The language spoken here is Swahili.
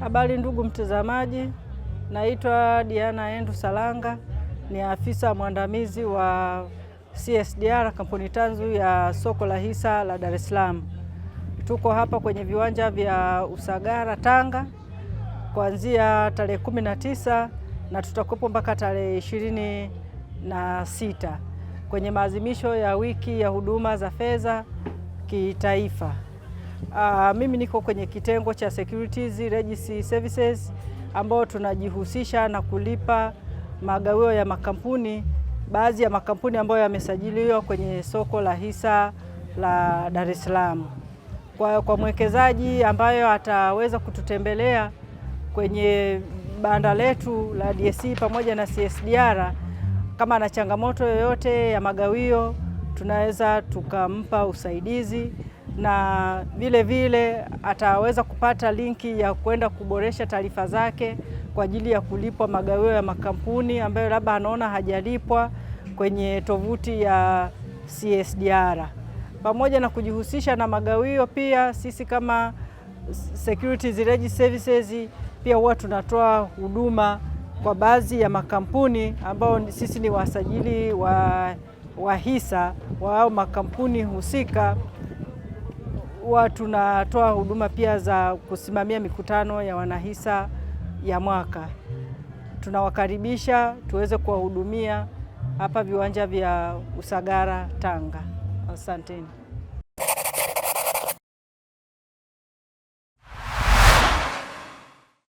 Habari ndugu mtazamaji, naitwa Diana Endu Salanga, ni afisa mwandamizi wa CSDR kampuni tanzu ya soko la hisa la Dar es Salaam. Tuko hapa kwenye viwanja vya Usagara Tanga kuanzia tarehe kumi na tisa na tutakuwepo mpaka tarehe ishirini na sita kwenye maadhimisho ya wiki ya huduma za fedha kitaifa. Uh, mimi niko kwenye kitengo cha Securities Registry Services ambao tunajihusisha na kulipa magawio ya makampuni, baadhi ya makampuni ambayo yamesajiliwa kwenye soko la hisa la Dar es Salaam. Kwa, kwa mwekezaji ambayo ataweza kututembelea kwenye banda letu la DSE pamoja na CSDR, kama ana changamoto yoyote ya magawio, tunaweza tukampa usaidizi na vile vile ataweza kupata linki ya kwenda kuboresha taarifa zake kwa ajili ya kulipwa magawio ya makampuni ambayo labda anaona hajalipwa kwenye tovuti ya CSDR. Pamoja na kujihusisha na magawio, pia sisi kama Securities Reg Services pia huwa tunatoa huduma kwa baadhi ya makampuni ambao sisi ni wasajili wa, wa hisa wa makampuni husika huwa tunatoa huduma pia za kusimamia mikutano ya wanahisa ya mwaka. Tunawakaribisha tuweze kuwahudumia hapa viwanja vya Usagara Tanga. Asanteni.